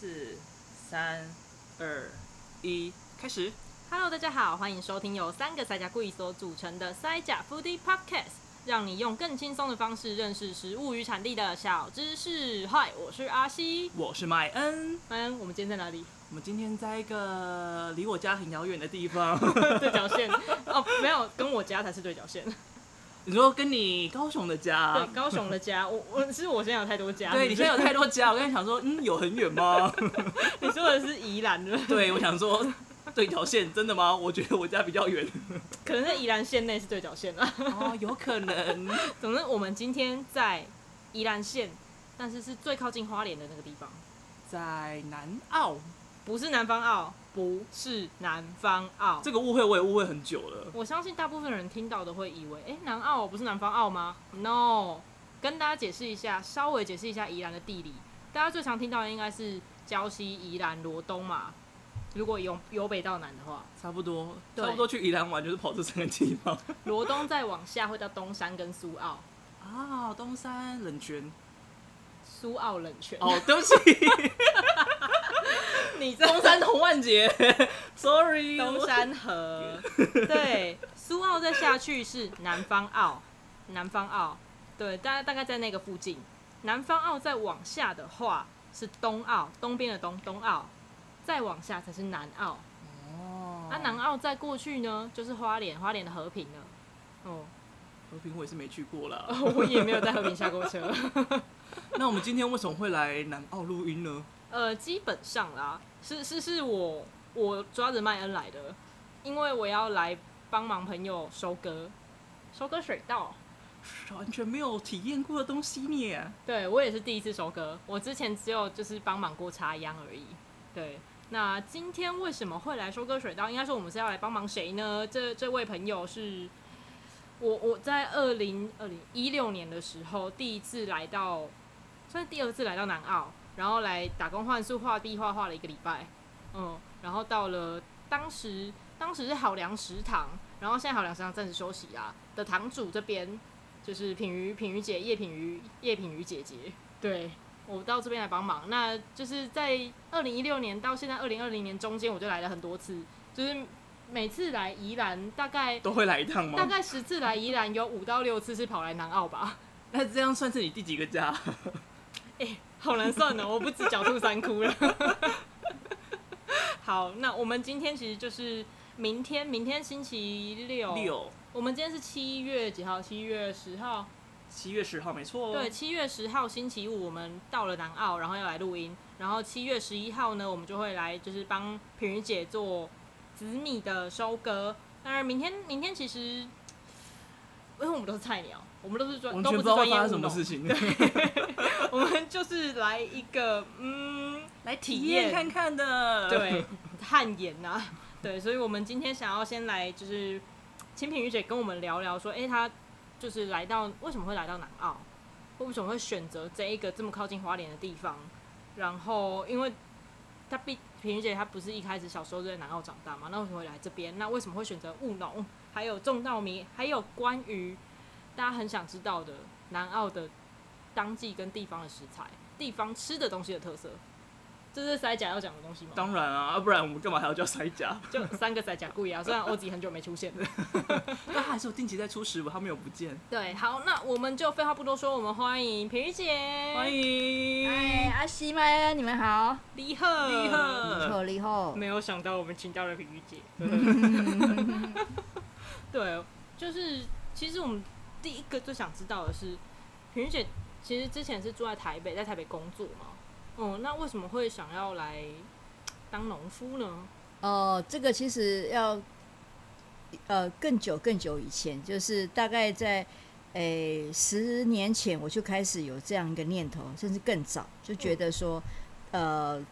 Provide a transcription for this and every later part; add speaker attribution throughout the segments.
Speaker 1: 四、三、二、一，開始。
Speaker 2: Hello，大家好，歡迎收聽由三個塞呷鬼所組成的塞呷 Foodie Podcast，讓你用更輕鬆的方式認識食物與產地的小知識。Hi，我是阿西，我是
Speaker 1: 麥恩。麥恩、嗯，我們今天在哪裡？我們今天在一個離我家很遙遠的地方， 對角線 哦，沒有，跟我家才是對角線。你說跟你高雄的家？對，高雄
Speaker 2: 的家。我我是，是我現在有太多家是是。對，你現在有太多
Speaker 1: 家。我剛才想說，嗯，有很遠嗎？你說的是宜蘭。對，我想說對角線，真的嗎？我覺得我家比較遠。
Speaker 2: 可能在宜蘭縣內是對角線啊。哦，有可能。總之，我們今天在宜蘭縣，但是是最靠近花蓮的那個地方，在南澳，不是南方澳。不是南方澳，這
Speaker 1: 個誤會我也誤會很久了。
Speaker 2: 我相信大部分人聽到的會以為，哎、欸，南澳不是南方澳嗎？No，跟大家解釋一下，稍微解釋一下宜蘭的地理。大家最常聽到的應該是礁溪、宜蘭、羅東嘛。如果由，由北到南的話，差不多，
Speaker 1: 差不多去宜蘭玩就是跑這三個地方。
Speaker 2: 羅東再往下會到東山跟蘇澳。
Speaker 1: 啊、哦，東山冷泉，
Speaker 2: 蘇
Speaker 1: 澳冷泉。哦，對不起。
Speaker 2: 你在 東山同萬杰，Sorry，東山河，對，蘇澳再下去是南方澳，南方澳，對，大概大概在那個附近。南方澳再往下的話是東澳，東邊的東，東澳，再往下才是南澳。
Speaker 1: 哦，那南
Speaker 2: 澳再過去呢，就是花蓮花蓮的和平了。
Speaker 1: 哦、oh.，和平我也是沒去過啦。 我也沒有在和平下過車。 那我們今天為什麼會來南澳錄音呢？
Speaker 2: 呃，基本上啦，是是是我我抓着麥恩來的，因為我要來幫忙朋友收割，收割水稻，
Speaker 1: 完全沒有體驗過的東西耶。
Speaker 2: 對，我也是第一次收割，我之前只有就是幫忙過插秧而已。對，那今天為什麼會來收割水稻？應該說我們是要來幫忙誰呢？這這位朋友是，我我在二零二零一六年的時候第一次來到，算是第二次來到南澳。然後來打工換宿，畫壁畫，畫了一個禮拜，嗯，然後到了當時當時是好糧食堂，然後現在好糧食堂暫時休息啦。的堂主這邊就是品妤品妤姐、葉品妤、葉品妤姐姐，對我到這邊來幫忙，那就是在，二零一六年到現在二零二零年中間，我就來了很多次，就是每次來宜蘭大概都會來一趟嗎？大概十次來宜蘭有五到六次是跑來南澳
Speaker 1: 吧？ 那這樣算是你第幾個家？
Speaker 2: 好難算哦，我
Speaker 1: 不止狡兔三窟了。
Speaker 2: 好，那我們今天其實就是明天，明天星期六。六，我們今天是七月幾號？七月十號。
Speaker 1: 七月十號沒錯、哦，沒錯。對，七
Speaker 2: 月十號星期五，我們到了南澳，然後要來錄音。然後七月十一號呢，我們就會來，就是幫品妤姐做紫米的收割。當然，明天，明天其實，因為我們都是菜鳥。我們都是專，我們都不是專業，不知道發生什麼事情。對， 我們就是來一個，嗯，來體驗看看的。對，汗顏吶。對，所以我們今天想要先來，就是請品妤姐跟我們聊聊，說，哎、欸，她就是來到，為什麼會來到南澳？為什麼會選擇這一個這麼靠近花蓮的地方？然後，因為她畢，品妤姐她不是一開始小時候就在南澳長大嘛。那為什麼會來這邊？那為什麼會選擇務農？還有種稻米？還有關於？大家很想知道的南澳的當季跟地方的食材、地方吃的東西的特色，這、就是塞呷要講的東西嗎？當
Speaker 1: 然啊，啊不然我們幹嘛還要叫塞呷？
Speaker 2: 就三個塞呷固也啊， 雖然歐吉很久沒出現了，
Speaker 1: 但還是我定期在出食吧。他沒有不見。
Speaker 2: 對，好，那我們就廢話不多說，我們歡迎品妤姐，歡迎哎阿、啊、西們，你們好，李鶴荷，李鶴荷，鶴李李，沒有想到我們請到了品妤姐， 對，就是其實我們。第一個最想知道的是，品妤姐其實之前是住在台北，在台北工作嘛？哦、嗯，那為什麼會想要來當農夫呢？哦、
Speaker 3: 呃，這個其實要，呃，更久更久以前，就是大概在誒、欸、十年前，我就開始有這樣一個念頭，甚至更早，就覺得說，嗯、呃，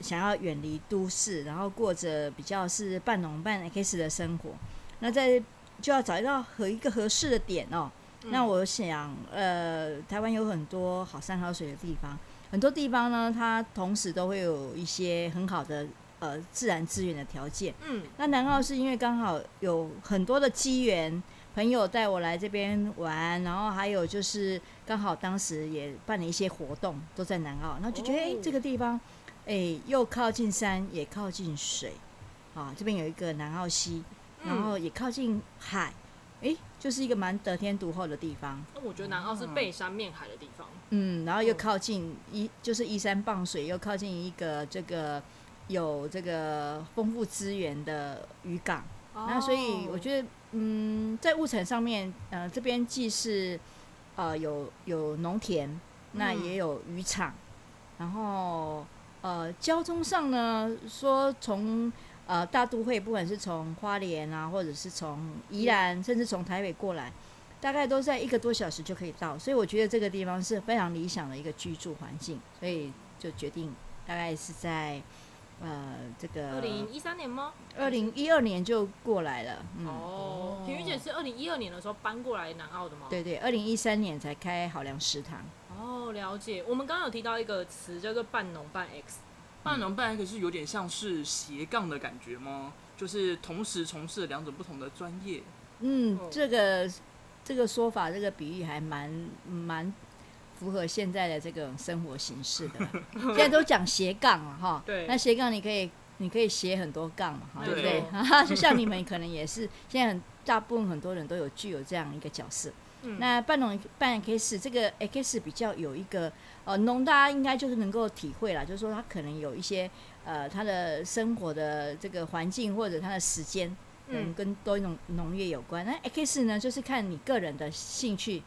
Speaker 3: 想要遠離都市，然後過着比較是半農半 X 的生活。那在就要找到合一個合適的點哦。那我想，嗯、呃，台灣有很多好山好水的地方，很多地方呢，它同時都會有一些很好的呃自然資源的條件。嗯。那南澳是因為剛好有很多的機緣，朋友帶我來這邊玩，然後還有就是剛好當時也辦了一些活動都在南澳，那就覺得哎、哦、這個地方，哎、欸、又靠近山也靠近水，啊，這邊有一個南澳溪。然後也靠近海，哎、嗯，就是一個蠻得天獨厚的地方。
Speaker 1: 那我覺
Speaker 2: 得南澳是背山面海的地方。
Speaker 3: 嗯，嗯，然後又靠近依、嗯，就是依山傍水，又靠近一個這個有這個豐富資源的漁港。哦、那所以我覺得，嗯，在物產上面，呃，這邊既是呃有有農田，那也有漁場，嗯、然後呃，交通上呢，說從。呃，大都會不管是從花蓮啊，或者是從宜蘭，甚至從台北過來，大概都在一個多小時就可以到，所以我覺得這個地方是非常理想的一個居住環境，所以就決定大概是在呃這個二零一
Speaker 2: 三年嗎？二零
Speaker 3: 一二年就過來了。
Speaker 2: 哦，品妤姐是二零一二年的時候搬過來南澳的嗎？對對，
Speaker 3: 二零一三年才開好糧食堂。哦，oh,
Speaker 2: 了解。我們剛剛有提到一個詞叫做、就是、半農半
Speaker 1: X。半農半藝，可是有點像是斜槓的感覺嗎？就是同時從事兩種不同的專業。
Speaker 3: 嗯，這個這個說法，這個比喻，還蠻蠻符合現在的這個生活形式的。現在都講斜槓了哈。對。那斜槓，你可以你可以斜很多槓嘛，對不對？對 就像你們可能也是，現在很大部分很多人都有具有這樣一個角色。嗯、那半農半 X，這個 X 比較有一個呃農，大家應該就是能夠體會啦，就是說它可能有一些呃它的生活的這個環境或者它的時間，嗯，跟多一種農、嗯、業有關。那 X 呢，就是看你個人的興趣，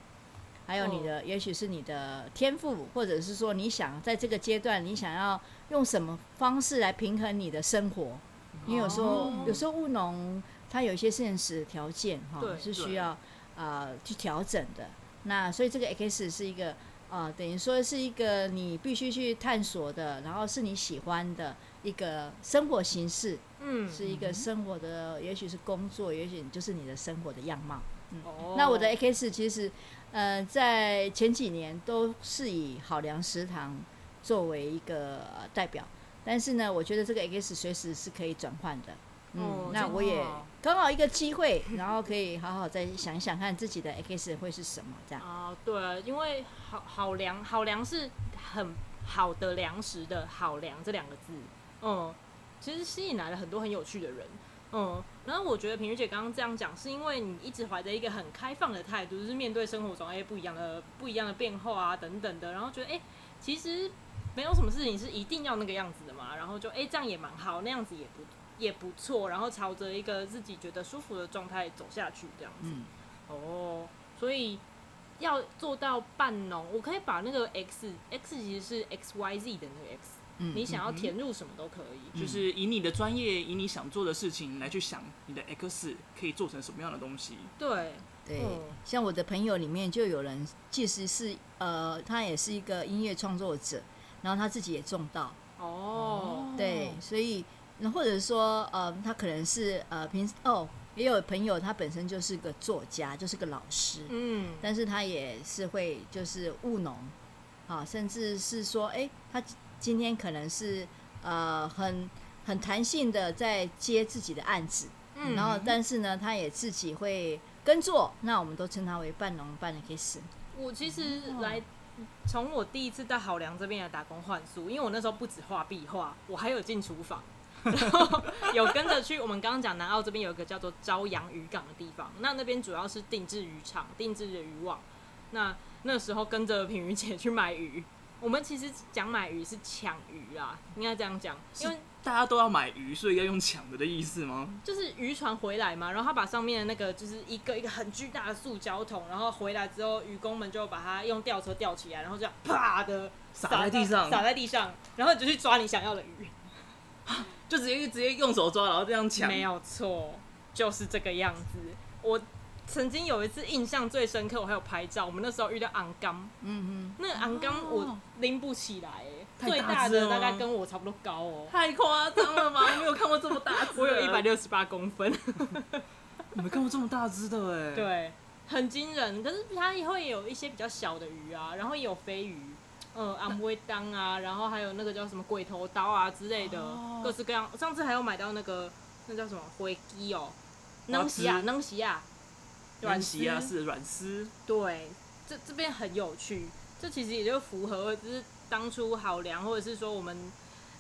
Speaker 3: 還有你的、哦、也許是你的天賦，或者是說你想在這個階段你想要用什麼方式來平衡你的生活，因為有時候、哦、有時候務農它有一些現實條件哈，哦、對是需要。啊、呃，去調整的那，所以這個 X 是一個啊、呃，等於說是一個你必須去探索的，然後是你喜歡的一個生活形式，嗯，是一個生活的，嗯、哼也許是工作，也許就是你的生活的樣貌，嗯。哦、那我的 X 其實，呃，在前幾年都是以好糧食堂作為一個、呃、代表，但是呢，我覺得這個 X 隨時是可以轉換的，嗯，哦、那我也。哦剛好一個機會，然後可以好好再想一想看自己的 X、欸、 會是什麼這樣。啊，
Speaker 2: 對啊，因為好好糧好糧是很好的糧食的好糧這兩個字，嗯，其實吸引來了很多很有趣的人，嗯，然後我覺得品妤姐剛剛這樣講，是因為你一直懷着一個很開放的態度，就是面對生活中哎不一樣的不一樣的變化啊等等的，然後覺得哎其實沒有什麼事情是一定要那個樣子的嘛，然後就哎這樣也蠻好，那樣子也不。也不錯，然後朝着一個自己覺得舒服的狀態走下去，這樣子。哦、嗯，oh, 所以要做到半農，我可以把那個 X X 其實是 X Y Z 的那個 X，、嗯、你
Speaker 3: 想要填入什麼都可以，嗯、就
Speaker 1: 是以你的專業，嗯、以你想做的事情來去想你的 X 可以做成什麼樣的東西。
Speaker 3: 對對，像我的朋友裡面就有人，其實是呃，他也是一個音樂創作者，然後他自己也種稻。哦，oh. 對，所以。那或者說，呃，他可能是呃平時哦，也有朋友他本身就是個作家，就是個老師，嗯，但是他也是會就是務農，啊、哦，甚至是說，哎、欸，他今天可能是呃很很彈性的在接自己的案子，嗯，然後但是呢，他也自己會耕作，那我們都稱他為半農半 X。
Speaker 2: 我其實來從我第一次到好糧這邊來打工換宿，因為我那時候不止畫壁畫，我還有進廚房。 然後有跟着去，我們剛剛講南澳這邊有一個叫做朝陽漁港的地方，那那邊主要是定置漁場、定置的漁網。那那時候跟着品妤姐去買魚，我們其實講買魚是搶魚啊，應該這樣講，因為
Speaker 1: 大家都要買魚，所以要用搶的的意思嗎？
Speaker 2: 就是漁船回來嘛，然後他把上面的那個就是一個一個很巨大的塑膠桶，然後回來之後，漁工們就把它用吊車吊起來，然後這樣啪的撒在地上，撒在地上，然後你就去抓你想要的魚。
Speaker 1: 就直接就直接用手抓，然後這樣搶。沒有錯，
Speaker 2: 就是這個樣子。我曾經有一次印象最深刻，我還有拍照。我們那時候遇到昂岡，嗯哼，那昂岡我拎不起來，太大啊，最大的大概跟我差不多高哦。太誇張了吧？ 沒有看過這麼大隻。我有一百六十八公分，
Speaker 1: 你 沒看過這麼大隻的哎。對，
Speaker 2: 很驚人。可是它也有一些比較小的魚啊，然後也有飛魚。呃，阿姆威當啊，然後還有那個叫什麼鬼頭刀啊之類的，哦、各式各樣。上次還有買到那個，那叫什麼灰雞哦？
Speaker 1: 能西啊，能西啊，軟西啊，是軟絲，嗯。
Speaker 2: 對，這這邊很有趣。這其實也就符合，就是當初好糧，或者是說我們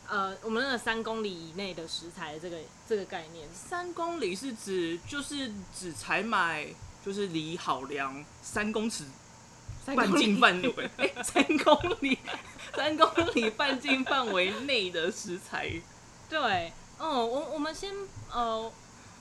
Speaker 2: 呃，我們那個三公里以內的食材這個這個概念。
Speaker 1: 三公里是指就是只採買，就是離好糧，三公尺，半徑範圍、 欸，三公里，三公里半徑範圍內的食材。對，嗯、
Speaker 2: 哦，我我們先，呃，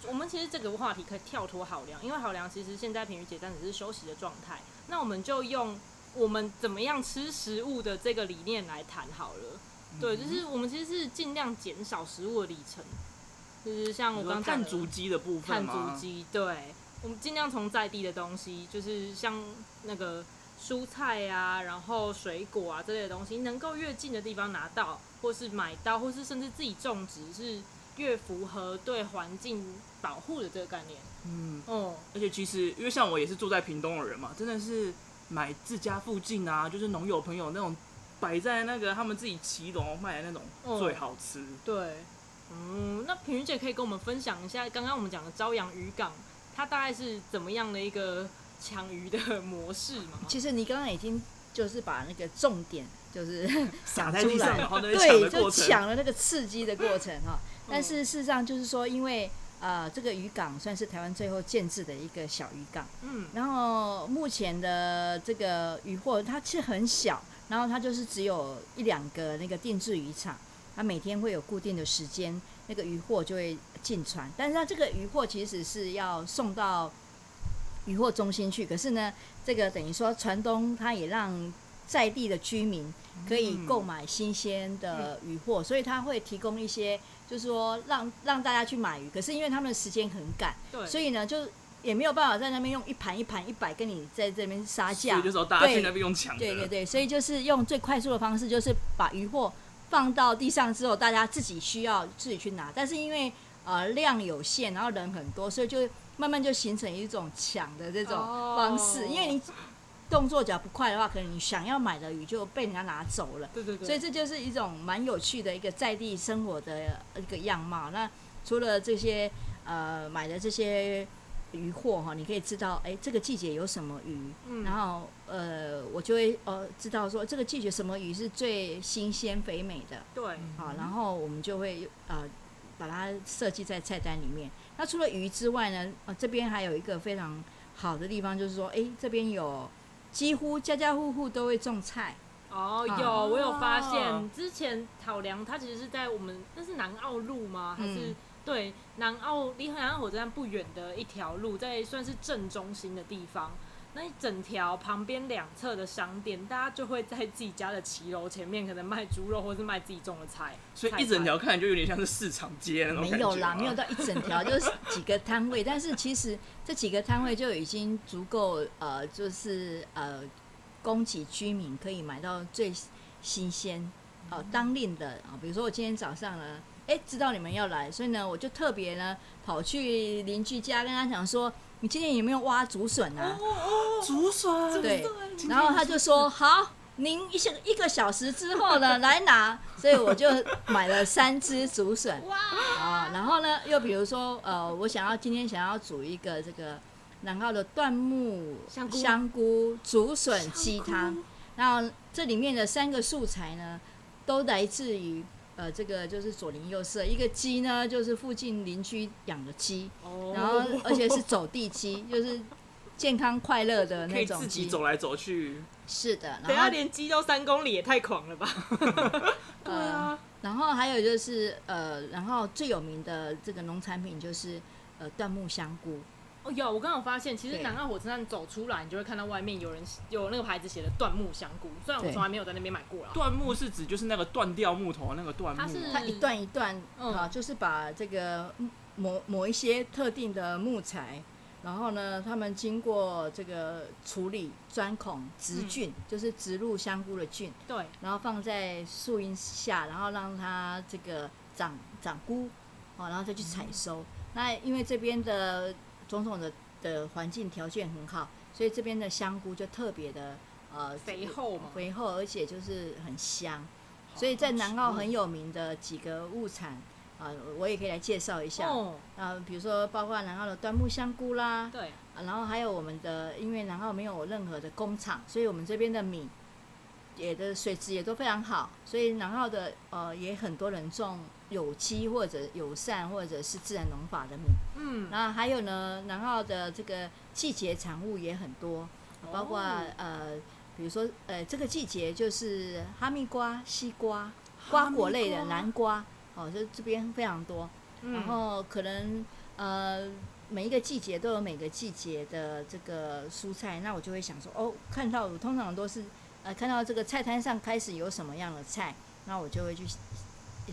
Speaker 2: 我們其實這個話題可以跳脫好糧，因為好糧其實現在品妤姐暫時是休息的狀態。那我們就用我們怎麼樣吃食物的這個理念來談好了。嗯、對，就是我們其實是盡量減少食物的里程，就是像我剛碳足
Speaker 1: 跡的部分，碳足跡，
Speaker 2: 對我們盡量從在地的東西，就是像那個。蔬菜啊，然後水果啊這類的東西，能夠越近的地方拿到，或是買到，或是甚至自己種植，是越符合對環境保護的這個概念。
Speaker 1: 嗯，哦、嗯，而且其實因為像我也是住在屏東的人嘛，真的是買自家附近啊，就是農友朋友那種擺在那個他們自己騎樓賣的那種，最好吃、嗯。
Speaker 2: 對，嗯，那品妤姐可以跟我們分享一下剛剛我們講的朝陽漁港，它大概是怎麼樣的一個？搶魚的模式
Speaker 3: 嘛？其實你剛剛已經就是把那個重點就是撒在地上， 對，就搶了那個刺激的過程哈。但是事實上就是說，因為呃，這個漁港算是台灣最後建置的一個小漁港，嗯，然後目前的這個漁貨它其實很小，然後它就是只有一兩個那個定制漁場，它每天會有固定的時間，那個漁貨就會進船，但是它這個漁貨其實是要送到。漁貨中心去，可是呢，這個等於說船東他也讓在地的居民可以購買新鮮的漁貨，所以他會提供一些，就是說讓讓大家去買魚。可是因為他們的時間很趕，對所以呢，就也沒有辦法在那邊用一盤一盤一百跟你在這邊殺價。對，就是說大家去那邊用搶。對對對，所以就是用最快速的方式，就是把漁貨放到地上之後，大家自己需要自己去拿。但是因為啊、呃、量有限，然後人很多，所以就。慢慢就形成一種搶的這種方式，oh. 因為你動作腳不快的話，可能你想要買的魚就被人家拿走了。對對對。所以這就是一種蠻有趣的一個在地生活的一個樣貌。那除了這些呃買的這些魚貨哈、哦，你可以知道哎這個季節有什麼魚，嗯、然後呃我就會呃知道說這個季節什麼魚是最新鮮肥美的。對、嗯。好，然後我們就會呃。把它設計在菜單裡面。那除了魚之外呢？這邊還有一個非常好的地方，就是說，哎、欸，這邊有幾乎家家戶戶都會種菜。哦，有，哦、我有發現。哦、之
Speaker 2: 前好糧它其實是在我們那是南澳路嗎？還是、嗯、對南澳離南澳火車站不遠的一條路，在算是正中心的地方。那一整條旁邊兩側的商店，大家就會在自己家的騎樓前面，可能賣豬肉，或是賣自己種的菜。
Speaker 1: 所以一整條看來就有點像是市場街。沒有啦，沒有到
Speaker 3: 一整條，就是幾個攤位。 但是其實這幾個攤位就已經足夠，呃，就是呃，供給居民可以買到最新鮮哦、呃、當令的啊、呃。比如說我今天早上呢，哎、欸，知道你們要來，所以呢，我就特別呢跑去鄰居家跟他講說。你今天有沒有挖竹筍啊哦？哦，竹筍。對。筍然後他就說：“筍好，您一一個小時之後呢 來拿。”所以我就買了三支竹筍。哇！啊，然後呢，又比如說，呃，我想要今天想要煮一個這個南澳的椴木香菇、竹筍雞湯。菇然後這裡面的三個素材呢，都來自於。呃，這個就是左鄰右舍，一個雞呢，就是附近鄰居養的雞，oh, 然後而且是走地雞，oh. 就是健康快樂的那種， 可以
Speaker 1: 自己走來走去。是
Speaker 3: 的，然後等一下連
Speaker 2: 雞都三公里，也太狂了吧？ 嗯
Speaker 3: 呃、對啊，然後還有就是呃，然後最有名的這個農產品就是呃椴木香菇。
Speaker 2: 有，我剛剛發現，其實南澳火車站走出來，對你就會看到外面有人有那個牌
Speaker 1: 子寫的“斷
Speaker 3: 木香菇”。雖然我從來沒有在那邊買過啦。斷對木
Speaker 1: 是指就是那個斷掉木頭、嗯、那個斷木，它，是它
Speaker 3: 一段一段、嗯、啊，就是把這個某某一些特定的木材，然後呢，他們經過這個處理、鑽孔、植菌，嗯、就是植入香菇的菌，對，然後放在樹蔭下，然後讓它這個長長菇，好、啊，然後再去採收。嗯、那因為這邊的。種種的的環境條件很好，所以這邊的香菇就特別的呃肥厚，這個、肥厚，而且就是很香。好所以在南澳很有名的幾個物產、嗯、啊，我也可以來介紹一下。哦、啊，比如說包括南澳的段木香菇啦，對、啊，然後還有我們的，因為南澳沒有任何的工廠，所以我們這邊的米。也的水質也都非常好，所以南澳的呃也很多人種有機或者有友善或者是自然農法的米。嗯。那還有呢，南澳的這個季節產物也很多，包括、哦、呃，比如說呃，這個季節就是哈密瓜、西瓜、瓜果類的南瓜，瓜哦，就這邊非常多。
Speaker 1: 嗯、然後
Speaker 3: 可能呃每一個季節都有每個季節的這個蔬菜，那我就會想說哦，看到通常都是。看到這個菜攤上開始有什麼樣的菜，那我就會去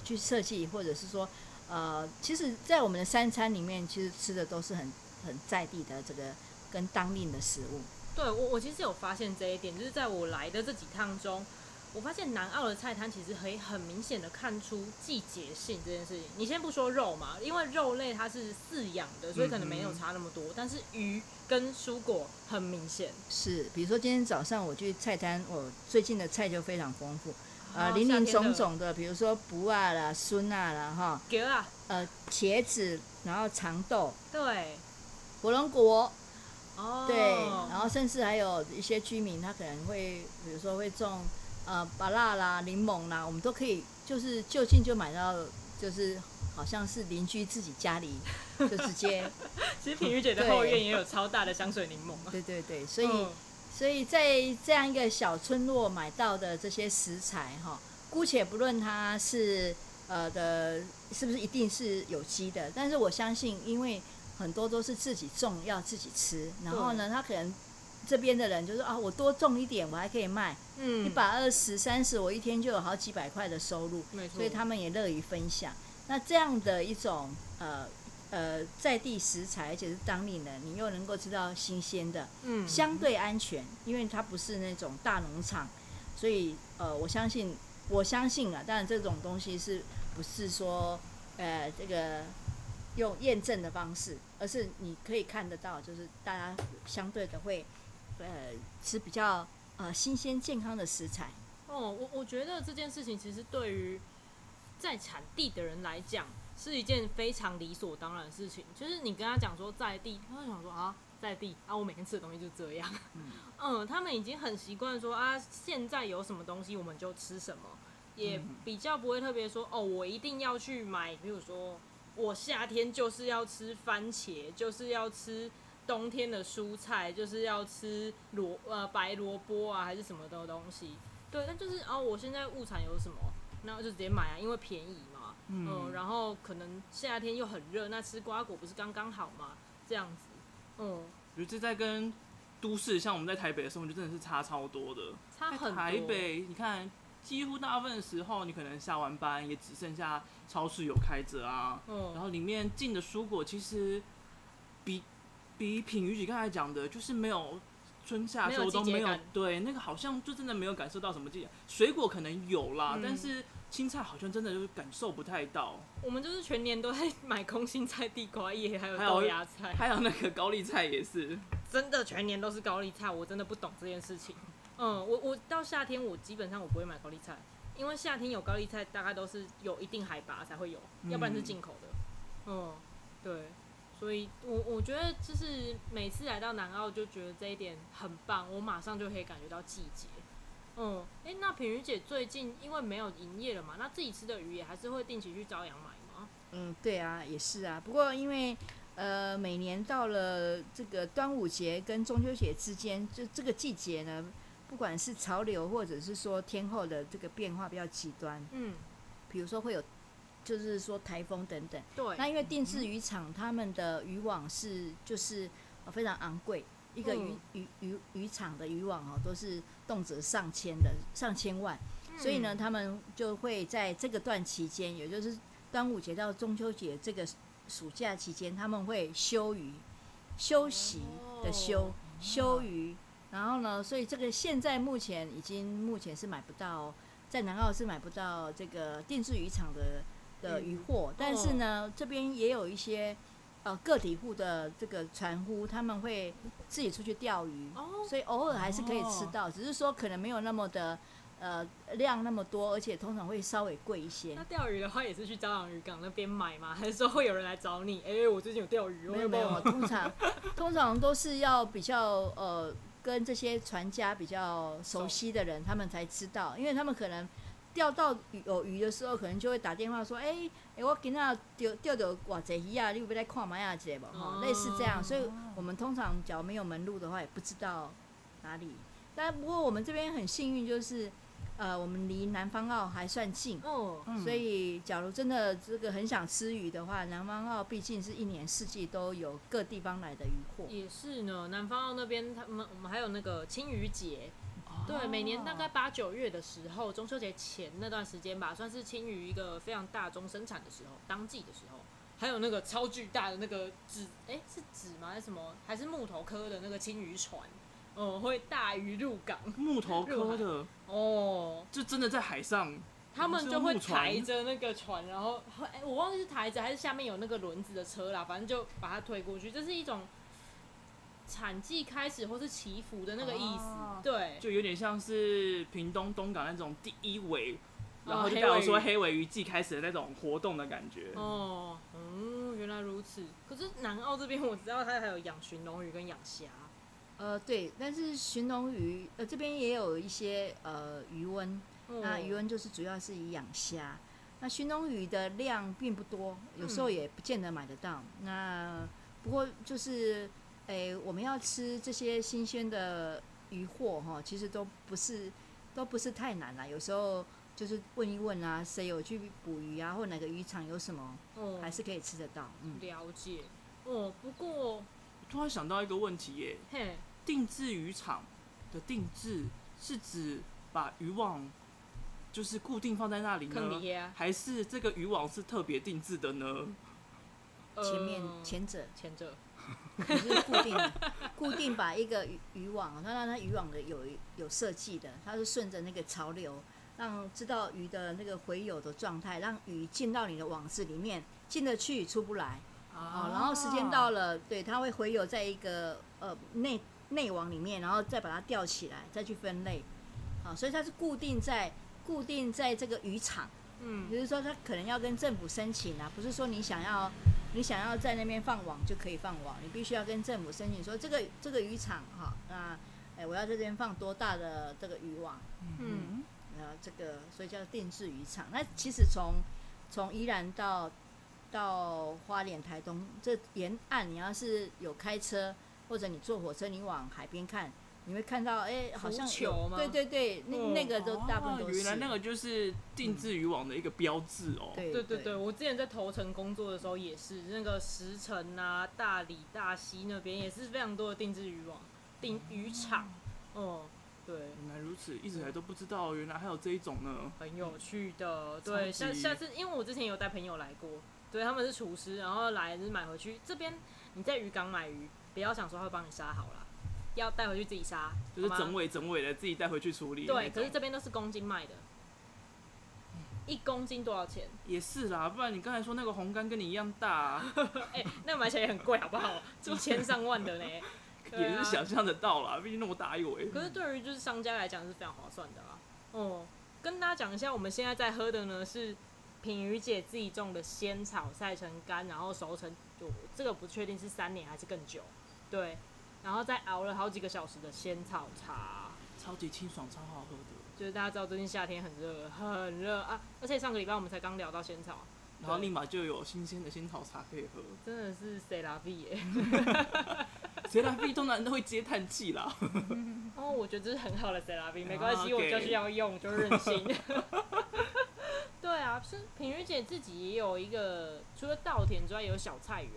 Speaker 3: 去設計，或者是說，呃，其實，在我們的三餐裡面，其實吃的都是很很在地的這個跟當令的食物。
Speaker 2: 對，我我其實有發現這一點，就是在我來的這幾趟中。我發現南澳的菜攤其實可以很明顯的看出季節性這件事情。你先不說肉嘛，因為肉類它是飼養的，所以可能沒有差那麼多。嗯嗯，但是魚跟蔬果
Speaker 3: 很明顯，是。比如說今天早上我去菜攤，我最近的菜就非常豐富，啊、哦，林林總總的，的比如說卜啊啦、筍啊啦，哈、呃，茄子，然後長豆，對，火龍果，
Speaker 2: 哦，對，然
Speaker 3: 後甚至還有一些居民他可能會，比如說會種。呃，芭樂啦、檸檬啦，我們都可以，就是就近就買到，就是好像是鄰居自己家裡就直接。
Speaker 2: 其實品妤姐的後院也有超大的香水檸檬、啊。 對，對對對，所以
Speaker 3: 所以在這樣一個小村落買到的這些食材哈，姑且不論它是呃的是不是一定是有機的，但是我相信，因為很多都是自己種，要自己吃，然後呢，它可能。這邊的人就是啊，我多種一點，我還可以賣，嗯，一百二十、三十，我一天就有好幾百塊的收入，沒錯，所以他們也樂於分享。那這樣的一種呃呃在地食材，而且是當地人，你又能夠吃到新鮮的，嗯，相對安全，因為它不是那種大農場，所以呃，我相信，我相信啊，當然這種東西是不是說，呃，這個用驗證的方式，而是你可以看得到，就是大家相對的會。吃呃，是比較呃新鮮健康的食材。
Speaker 2: 哦，我我覺得這件事情其實對於在產地的人來講是一件非常理所當然的事情。就是你跟他講說在地，他會想說啊，在地啊，我每天吃的東西就這樣。嗯，嗯，他們已經很習慣說啊，現在有什麼東西我們就吃什麼，也比較不會特別說哦，我一定要去買。比如說，我夏天就是要吃番茄，就是要吃。冬天的蔬菜就是要吃蘿呃白蘿蔔啊，還是什麼的東西？對，那就是哦。我現在物產有什麼，那就直接買啊，因為便宜嘛。嗯,嗯，然後可能夏天又很熱，那吃瓜果不是剛剛好嗎？這樣子，嗯。
Speaker 1: 比如這在跟都市，像我們在台北的時候，我覺得真的是差超多的。差很多。台北，你看，幾乎大部分時候，你可能下完班也只剩下超市有開着啊。嗯。然後裡面進的蔬果其實比。比品妤姐剛才講的，就是沒有春夏秋冬沒有,沒有對那個好像就真的沒有感受到什麼季節，水果可能有啦，嗯、但是青菜好像真的就是感受不太到。
Speaker 2: 我們就是全年都在買空心菜、地瓜葉，還有豆芽菜還，還有那個高麗菜也是，真的全年都是高麗菜，我真的不懂這件事情。嗯，我我到夏天我基本上我不會買高麗菜，因為夏天有高麗菜大概都是有一定海拔才會有，嗯、要不然是進口的。嗯，對。所以我，我我覺得就是每次來到南澳，就覺得這一點很棒。我馬上就可以感覺到季節。嗯，哎、欸，那品妤姐最近因為沒有營業了嘛，那自己吃的魚也還是會定期去朝陽買嗎？嗯，
Speaker 3: 對啊，也是啊。不過因為呃，每年到了這個端午節跟中秋節之間，就這個季節呢，不管是潮流或者是說天候的這個變化比較極端。嗯，比如說會有。就是說台風等等，對。那因為定置漁場他們的漁網是就是非常昂貴，嗯、一個漁漁漁漁場的漁網哦，都是動輒上千的上千萬。嗯、所以呢，他們就會在這個段期間，也就是端午節到中秋節這個暑假期間，他們會休漁、休息的休、哦、休漁。然後呢，所以這個現在目前已經目前是買不到，在南澳是買不到這個定置漁場的。的漁獲，嗯哦、但是呢，這邊也有一些呃個體戶的這個船夫，他們會自己出去釣魚，哦。所以偶爾還是可以吃到，哦、只是說可能沒有那麼的呃量那麼多，而且通常會稍微貴一些。那釣魚
Speaker 2: 的話，也是去朝陽漁港那邊買嗎？還是說會有人來找你？哎、欸，我最近有釣魚，沒有沒有， 通
Speaker 3: 常通常都是要比較呃跟這些船家比較熟悉的人，他們才知道，因為他們可能，釣到魚有魚的時候，可能就會打電話說：“哎、欸、誒、欸，我今仔釣釣到哇這一啊，你有不在看買啊之類無？吼、哦，類似這樣。所以我們通常假如沒有門路的話，也不知道哪裡。但不過我們這邊很幸運，就是呃，我們離南方澳還算近，哦，所以假如真的這個很想吃魚的話，南方澳畢竟是一年四季都有各地方來的魚貨。
Speaker 2: 也是呢，南方澳那邊他們我們還有那個青魚節。對，每年大概八九月的時候，中秋節前那段時間吧，算是青魚一個非常大宗生產的時候，當季的時候。還有那個超巨大的那個紙，哎、欸，是紙嗎？還是什麼？還是木頭刻的那個青魚船？嗯，會大魚入港。
Speaker 1: 木頭刻的。哦港。就真的在海上，他們就會抬着那個
Speaker 2: 船，然後、欸、我忘記是抬着還是下面有那個輪子的車啦，反正就把它推過去，這是一種。產季開始或是祈福的那個意思，oh, 對，
Speaker 1: 就有點像是屏東東港那種第一尾，oh, 然後就代表說黑鮪魚,鮪魚季開始的那種活動的感覺。哦、oh, 嗯，原
Speaker 3: 來如此。可是南澳這邊我知道它還有
Speaker 2: 養鱘龍魚跟養蝦，
Speaker 3: 呃，對，但是鱘龍魚呃這邊也有一些呃漁塭，魚塭 oh. 那漁塭就是主要是以養蝦，那鱘龍魚的量並不多，有時候也不見得買得到。嗯、那不過就是。欸、我們要吃這些新鮮的魚貨哈，其實都不是，都不是太難啦，有時候就是問一問啊，誰有去捕魚啊，或哪個漁場有什麼，嗯、還是可以吃得到。嗯，
Speaker 1: 了解。哦、嗯，不過我突然想到一個問題耶，嘿定制漁場的定制是指把漁網就是固定放在那裡呢，裡啊、還是這個漁網是特別定制的呢、嗯？
Speaker 3: 前面前者，前者。 你是固定，固定把一個漁漁網，他讓他漁網的有有設計的，他是順着那個潮流，讓知道魚的那個洄游的狀態，讓魚進到你的網子裡面，進得去出不來。啊，oh. 然後時間到了，對，他會洄游在一個呃內內網裡面，然後再把它吊起來，再去分類。啊，所以它是固定在固定在這個漁場，嗯，也就是說，他可能要跟政府申請啊，不是說你想要，你想要在那邊放網就可以放網，你必須要跟政府申請說這個這個漁場哈，那哎、欸、我要在這邊放多大的這個漁網，嗯哼，嗯，然後這個所以叫定制漁場。那其實從從宜蘭到到花蓮、台東這沿岸，你要是有開車或者你坐火車，你往海邊看，你會看到，哎、欸，好像球對對對，嗯、那那個都大部分原來
Speaker 1: 那個就是定置漁網的一個標誌哦、嗯。對對對，
Speaker 2: 我之前在頭城工作的時候也是，那個石城啊、大里大溪那邊也是非常多的定置漁網、定漁場。
Speaker 1: 哦、嗯嗯，對。原來如此，一直來都不知道，嗯、原來還有這一種呢。很有趣的，對。超級，下下
Speaker 2: 次因為我之前有帶朋友來過，對，他們是廚師，然後來就是買回去，這邊你在漁港買魚，不要想說他會幫你殺好了。要帶回去自己殺，就是整
Speaker 1: 尾整尾的自己帶回去處理。對，可是這邊
Speaker 2: 都是公斤賣的，嗯、一公斤多少錢？
Speaker 1: 也是啦，不然你剛才說那個紅甘跟你一樣大，啊，哎、 欸，那個、買起來也很貴，好不好？幾千上
Speaker 2: 萬的嘞，啊、也是想象
Speaker 1: 得到啦，畢竟那麼大一尾。可是對
Speaker 2: 於就是商家來講是非常划算的啦。哦、嗯，跟大家講一下，我們現在在喝的呢是品妤姐自己種的仙草曬成乾，然後熟成就，這個不確定是三年還是更久。對。然後再熬了好幾個小時的仙草茶，
Speaker 1: 超級清爽，超好喝的。
Speaker 2: 就是大家知道最近夏天很熱，很熱啊！而且上個禮拜我們才剛聊到仙草，
Speaker 1: 然後立馬就有新鮮的仙草茶可以喝，
Speaker 2: 真的是 C'est la vie 耶
Speaker 1: ！C'est la vie 通常都會接嘆氣啦。
Speaker 2: 哦 ，oh, 我覺得這是很好的 C'est la vie，沒關係，oh, okay. 我就是要
Speaker 3: 用，就任性。
Speaker 2: 對啊，是品妤姐自己也有一個，除了稻田之外，也有小菜園。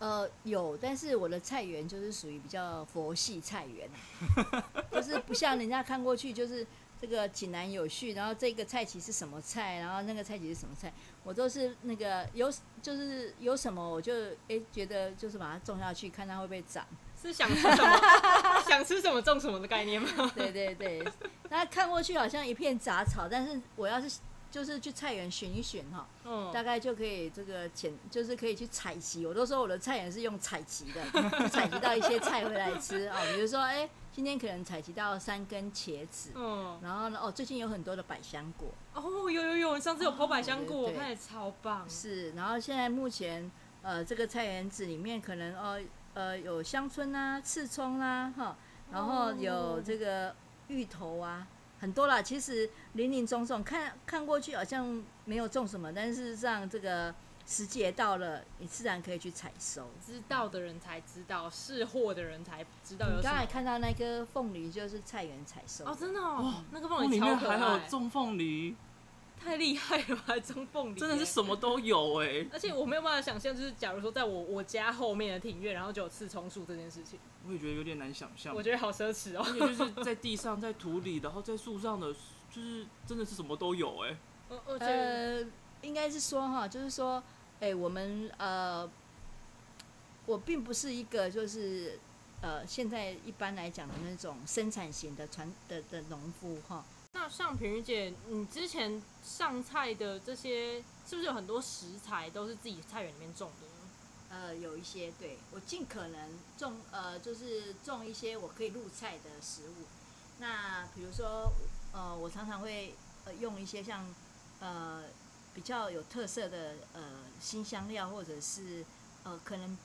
Speaker 3: 呃，有，但是我的菜園就是屬於比較佛系菜園，就 是不像人家看過去，就是這個井然有序，然後這個菜畦是什麼菜，然後那個菜畦是什麼菜，我都是那個有就是有什麼，我就、欸、覺得就是把它種下去，看它會不會長，是想吃什麼 想吃什麼種什麼的概念嗎？ 對對對，那看過去好像一片雜草，但是我要是。就是去菜園巡一巡哈、哦，嗯，大概就可以這個撿，就是可以去採集。我都說我的菜園是用採集的，採 集到一些菜回來吃、哦、比如說、欸，今天可能採集到三根茄子，嗯，然後呢，哦，最近有很多的百香果，哦，有有有，上次有剖百香果，我、哦哦、看也超棒對對。是，然後現在目前，呃，這個菜園子裡面可能哦，呃，有香椿啊，刺蔥啊，哈、哦，然後有這個芋頭啊。很多啦，其實林林總總看看過去好像沒有種什麼，但事實上這個時節到了，你自然可以去採收。知道的人才知道，識貨的人才知道有。你剛、嗯、才看到那個鳳梨，就是菜園採收哦，真的哦，哇那個
Speaker 2: 鳳梨超可愛，裡面還有
Speaker 1: 種鳳梨。
Speaker 3: 太厲害了，還種鳳梨真
Speaker 1: 的是什麼都有哎、欸！ 而
Speaker 2: 且我沒有辦法想象就是假如說在我我家後面的庭院，然後就有刺蔥樹這件事情，
Speaker 1: 我也覺得有點難想象我覺得好奢侈哦！就是在地上、在土裡，然後在樹上的，就是真的是什麼都有哎、欸
Speaker 3: 呃。我我覺得應該是說哈，就是說哎、欸，我們呃，我並不是一個就是呃，現在一般來講的那種生產型的傳的的農夫哈。
Speaker 2: 那像品妤姐，你之前上菜的這些，是
Speaker 3: 不是有很多食材都是自己菜園裡面種的？呃，有一些，對，我盡可能種，呃，就是種一些我可以入菜的食物。那比如說，呃，我常常會呃用一些像呃比較有特色的呃辛香料，或者是呃可能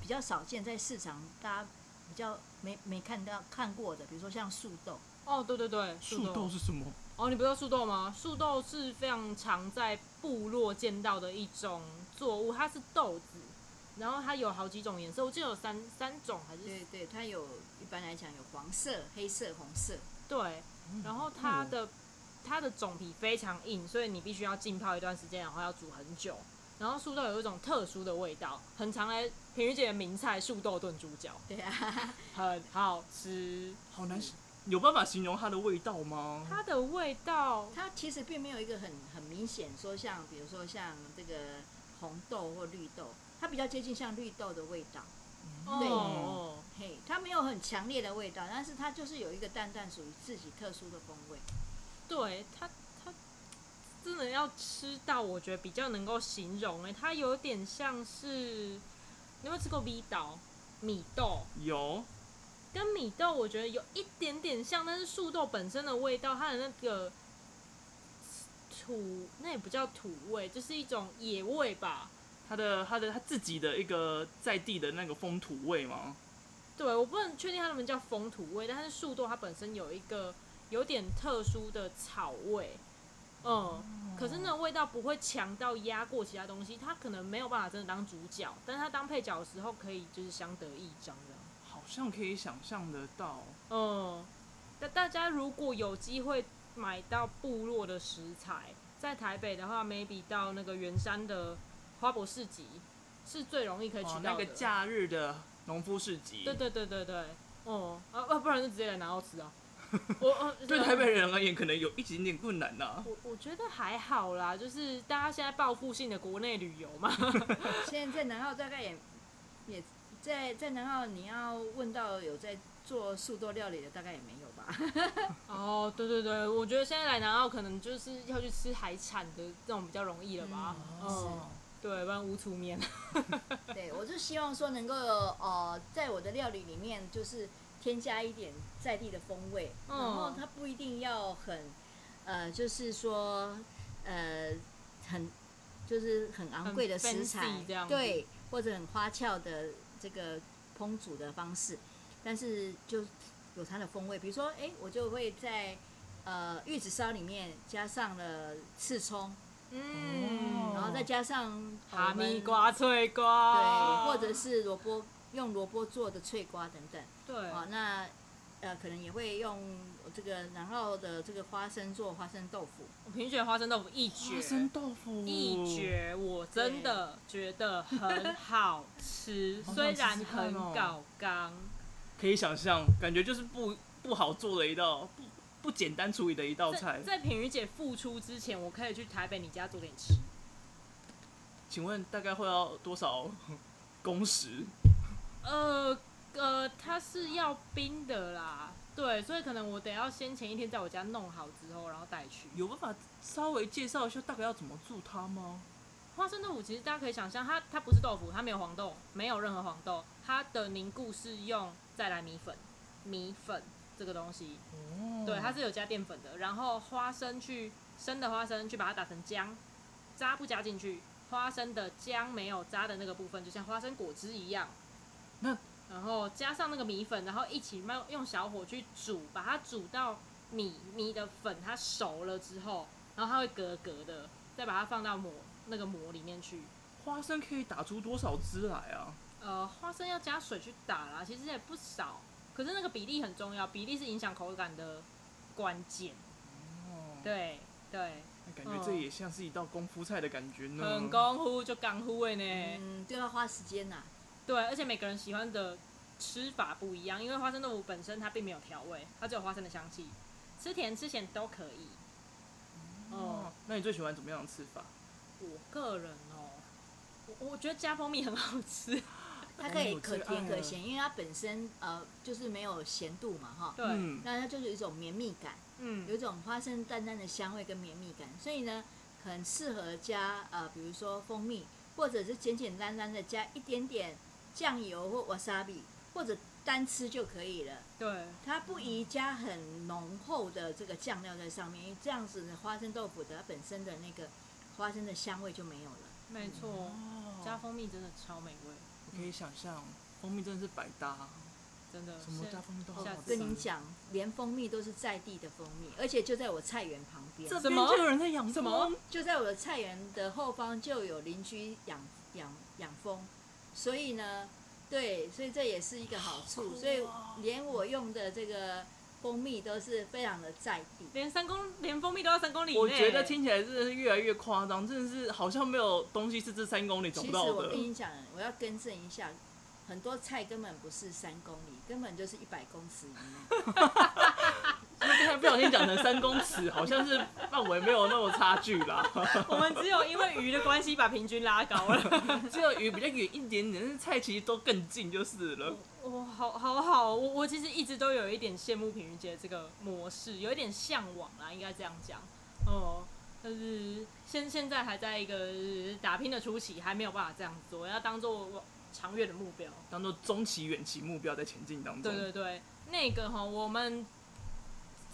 Speaker 3: 比較少見在市場大家比較沒沒看到、看過的，比如說像樹豆。哦，對對對，樹豆，
Speaker 2: 樹豆是什麼？哦，你不知道樹豆嗎？樹豆是非常常在部落見到的一種作物，它是豆子，然後它有好幾種顏色，我記得有三
Speaker 3: 三種還是？對對，它有，一般來講有黃色、黑色、紅色。
Speaker 2: 對，然後它的它的種皮非常硬，所以你必須要浸泡一段時間，然後要煮很久，然後樹豆有一種特殊的味道，很常來品妤姐的名菜樹豆
Speaker 1: 燉豬腳，
Speaker 3: 對
Speaker 1: 啊，很好,好吃，好難吃、nice 有辦法形容它的味道嗎？它
Speaker 3: 的味道，它其實並沒有一個很很明顯，說像比如說像這個紅豆或綠豆，它比較接近像綠豆的味道。嗯、對哦，嘿，它沒有很強烈的味道，但是它就是有一個淡淡屬於自己特殊的風味。
Speaker 2: 對，它它真的要吃到，我覺得比較能夠形容、欸。哎，它有點像是，你有沒有吃過米豆？米豆有。跟米豆我覺得有一點點像，但是樹豆本身的味道，它的那個土，那也不叫土味，就是一種野味吧。
Speaker 1: 它的它的它自己的一個在地的那個風土味嗎？
Speaker 2: 對，我不能確定它能不能叫風土味，但是樹豆它本身有一個有點特殊的草味，嗯，可是那個味道不會強到壓過其他東西，它可能沒有辦法真的當主角，但是它當配角的時候可以，就是相得益彰。
Speaker 1: 像可以想象得到，
Speaker 2: 嗯，那大家如果有機會買到部落的食材，在台北的話，maybe 到那個圓山的花博市集是最容易可以取到。哦。那個假
Speaker 1: 日的農夫市集，對對
Speaker 2: 對對對，哦、嗯、啊不然就直接來南澳吃啊。 我，啊
Speaker 1: 啊、對台北人而言，可能有一點點困難吶、啊。
Speaker 2: 我我覺得還好啦，就是大家現在報復性的國內旅遊嘛，
Speaker 3: 現在在南澳大概也也。在在南澳，你要問到有在做素多料理的，大概也沒有吧。
Speaker 2: 哦 ，oh, 對對對，我覺得現在來南澳，可能就是要去吃海產的這種比較容易了吧？哦，對，不然無出面。 對，
Speaker 3: 我就希望說能夠有哦，oh, 在我的料理裡面，就是添加一點在地的風味，嗯、然後它不一定要很呃，就是說呃，很就是很昂貴的食材，對，或者很花俏的。這個烹煮的方式，但是就有它的風味。比如說，哎、欸，我就會在呃玉子燒裡面加上了刺蔥，嗯，嗯然後再加上哈密瓜脆瓜，對，或者是蘿蔔用蘿蔔做的脆瓜等等，對，啊、哦，那呃可能也會用。這個南澳的這個花
Speaker 2: 生做花生豆腐，我品妤姐花生豆腐一絕，花生豆腐一絕，我真的對覺得很好吃， 雖然很搞剛。想吃吃
Speaker 1: 哦、可以想象，感覺就是不不好做的一道不不簡單處理的一道菜。在，在
Speaker 2: 品妤姐復出之前，我可以去台北你家做點吃。
Speaker 1: 請問大概會要多少工時？
Speaker 2: 呃呃，他、呃、是要冰的啦。對，所以可能我得要先前一天在我家弄好之後，然後帶去。
Speaker 1: 有辦法稍微介紹一下大概要怎麼做它嗎？
Speaker 2: 花生豆腐其實大家可以想象它，它它不是豆腐，它沒有黃豆，沒有任何黃豆，它的凝固是用再來米粉，米粉這個東西，哦，對，它是有加澱粉的。然後花生去生的花生去把它打成漿，渣不加進去，花生的漿沒有渣的那個部分，就像花生果汁一樣。那然後加上那個米粉，然後一起慢用小火去煮，把它煮到米米的粉它熟了之後，然後它會格格的，再把它放到模那
Speaker 1: 個模裡面去。花生可以打出多少汁來啊？
Speaker 2: 呃，花生要加水去打啦，其實也不少，可是那個比例很重要，比例是影響口感的關鍵。哦、對對、哎。感覺這也
Speaker 1: 像是一道功夫菜的感覺呢。嗯、很
Speaker 2: 功夫就功夫味呢，嗯，就要花時間吶、啊。對，而且每個人喜歡的吃法不一樣，因為花生豆腐本身它並沒有調味，它只有花生的香氣，吃甜吃鹹都可以。嗯、
Speaker 1: 哦，那你最喜歡怎麼樣的吃法？我
Speaker 2: 個人哦，我我
Speaker 3: 覺得加蜂蜜很好吃，它可以可甜可鹹，嗯嗯、因為它本身呃就是沒有鹹度嘛，哈。對。那、嗯、它就是一種綿密感，嗯，有一種花生淡淡的香味跟綿密感，嗯、所以呢很適合加呃比如說蜂蜜，或者是簡簡單單的加一點點。醬油或瓦薩比，或者單吃就可以了。對，它不宜加很濃厚的這個醬料在上面，因為這樣子花生豆腐的它本身的那個花生的香味就沒有了。沒錯錯，嗯、哼加蜂蜜真的超美味。我可以想象，蜂蜜真的是
Speaker 2: 百
Speaker 1: 搭，
Speaker 3: 真的、嗯、什麼加蜂蜜都好，好吃。我跟你講，連蜂蜜都是在地的蜂蜜，而且就在我菜園旁邊。這邊就有人在養蜂。什麼？就在我的菜園的後方就有鄰居養養養蜂。所以呢，對，所以這也是一個好處。所以連我用的這個蜂蜜都是非常的在地。連三公，連蜂蜜都要三公里？我覺得聽
Speaker 1: 起來真的是越來越誇張，真的是好像沒有東西是這三公里找不到的。其實我跟你
Speaker 3: 講，我要更正一下，很多菜根本不是三公里，根本就是一百公尺以內。但不小心講成三
Speaker 1: 公尺，好像是範圍沒有那麼差距啦。 我
Speaker 3: 們只有因為魚的關
Speaker 1: 係把平均拉高了， 只有魚比較遠一點點，但是菜其實都更近就是了。
Speaker 2: 我，我好好好，我我其實一直都有一點羨慕品妤姐這個模式，有一點向往啦，應該這樣講。哦、嗯，但是現現在還在一個打拼的初期，還沒有辦法這樣做，要當做長遠的目標，
Speaker 1: 當做中期、遠期目標在前進當中。對對對，
Speaker 2: 那個哈，我們。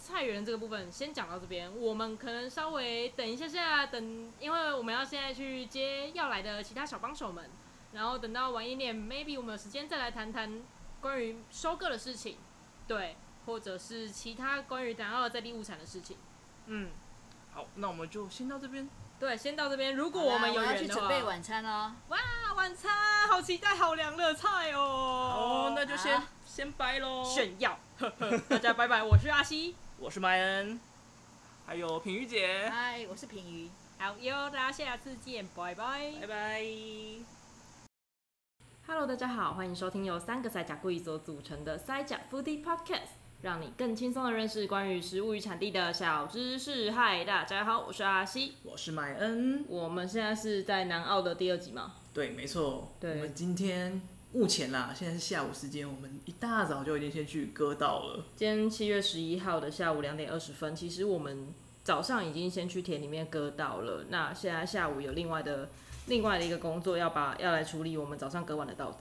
Speaker 2: 菜園這個部分先講到這邊，我們可能稍微等一下下等，因為我們要現在去接要來的其他小幫手們，然後等到晚一點，maybe 我們有時間再來談談關於收割的事情，對，或者是其他關於南澳在地物產的
Speaker 1: 事情。嗯，好，那我們就先到這邊。
Speaker 2: 對，先到這邊。如果我們有緣的話，我要去準備晚餐哦。哇，晚餐好期待，好涼的菜哦、喔。哦，那就先好先拜嘍。炫耀，
Speaker 1: 大家拜拜，我是阿西。我是麥恩，還有品妤姐。嗨，
Speaker 2: 我是品妤。好，喲大家下次見，拜拜。拜拜 bye。Hello，大家好，歡迎收聽由三個塞呷故意所組成的塞呷 Foodie Podcast，讓你更輕鬆的認識關於食物與產地的小知識。嗨，大家好，我是阿西。我是麥恩。我們現在是在南澳的第二集嗎？
Speaker 1: 對，沒錯。對我們今天。目前啦，現在是下午時間，我們一大早就已經先去割稻了。今天七月十一號的下午兩點二十
Speaker 2: 分，其實我們早上已經先去田裡面割稻了。那現在下午有另外的另外的一個工作，要把要來處理我們早上割完的稻子。